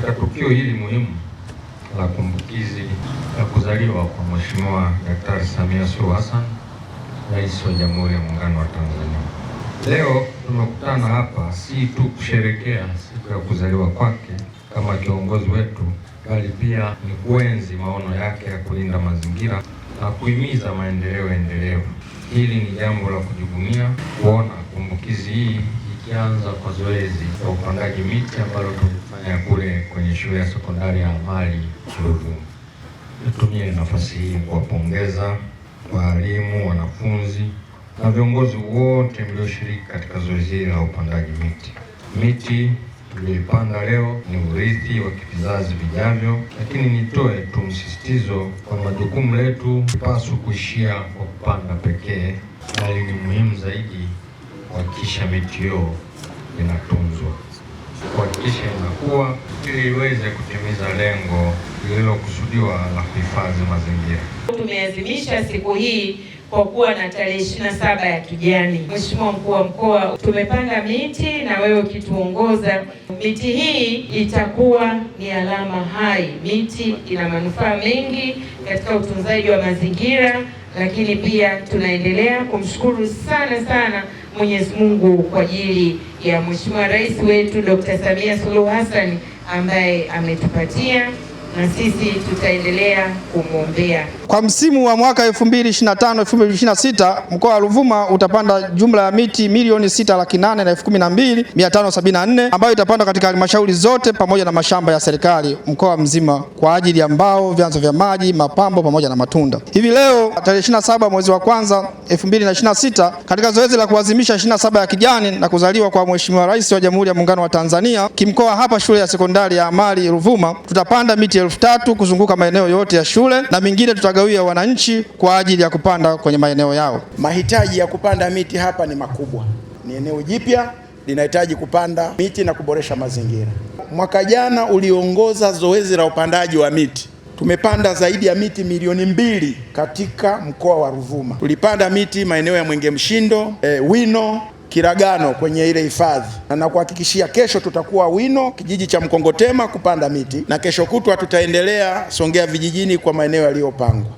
Katika tukio hili muhimu la kumbukizi la kuzaliwa kwa Mheshimiwa Daktari Samia Suluhu Hassan, Rais wa Jamhuri ya Muungano wa Tanzania. Leo tumekutana hapa si tu kusherekea siku ya kuzaliwa kwake kama kiongozi wetu, bali pia ni kuenzi maono yake ya kulinda mazingira na kuhimiza maendeleo endelevu. Hili ni jambo la kujivunia kuona kumbukizi hii tukianza kwa zoezi la upandaji miti ambalo tumefanya kule kwenye shule ya sekondari ya amali Chugu. Nitumie nafasi hii kuwapongeza waalimu, wanafunzi na viongozi wote mlioshiriki katika zoezi hili la upandaji miti. Miti tulioipanda leo ni urithi wa vizazi vijavyo, lakini nitoe tu msisitizo kwa majukumu letu pasu kuishia kwa kupanda pekee, bali ni muhimu zaidi kuhakikisha hiyo inatunzwa, kuhakikisha inakuwa ili iweze kutimiza lengo lililokusudiwa la kuhifadhi mazingira. Tumeazimisha siku hii kwa kuwa na tarehe 27 ya kijani. Mheshimiwa mkuu wa mkoa, tumepanda miti na wewe ukituongoza. Miti hii itakuwa ni alama hai. Miti ina manufaa mengi katika utunzaji wa mazingira, lakini pia tunaendelea kumshukuru sana sana Mwenyezi Mungu kwa ajili ya Mheshimiwa Rais wetu Dr. Samia Suluhu Hassan ambaye ametupatia na sisi tutaendelea kumwombea. Kwa msimu wa mwaka 2025 2026 mkoa wa Ruvuma utapanda jumla ya miti milioni sita laki nane na elfu kumi na mbili mia tano sabini na nne ambayo itapandwa katika halmashauri zote pamoja na mashamba ya serikali mkoa mzima kwa ajili ya mbao, vyanzo vya maji, mapambo pamoja na matunda. Hivi leo tarehe 27 mwezi wa kwanza 2026 katika zoezi la kuadhimisha 27 ya kijani na kuzaliwa kwa Mheshimiwa Rais wa Jamhuri ya Muungano wa Tanzania, kimkoa hapa shule ya sekondari ya amali Ruvuma tutapanda miti elfu tatu kuzunguka maeneo yote ya shule na mingine tutagawia wananchi kwa ajili ya kupanda kwenye maeneo yao. Mahitaji ya kupanda miti hapa ni makubwa, ni eneo jipya linahitaji kupanda miti na kuboresha mazingira. Mwaka jana uliongoza zoezi la upandaji wa miti tumepanda zaidi ya miti milioni mbili katika mkoa wa Ruvuma. Tulipanda miti maeneo ya Mwenge Mshindo, e, Wino Kiragano kwenye ile hifadhi, na nakuhakikishia kesho tutakuwa Wino, kijiji cha Mkongotema kupanda miti, na kesho kutwa tutaendelea Songea vijijini kwa maeneo yaliyopangwa.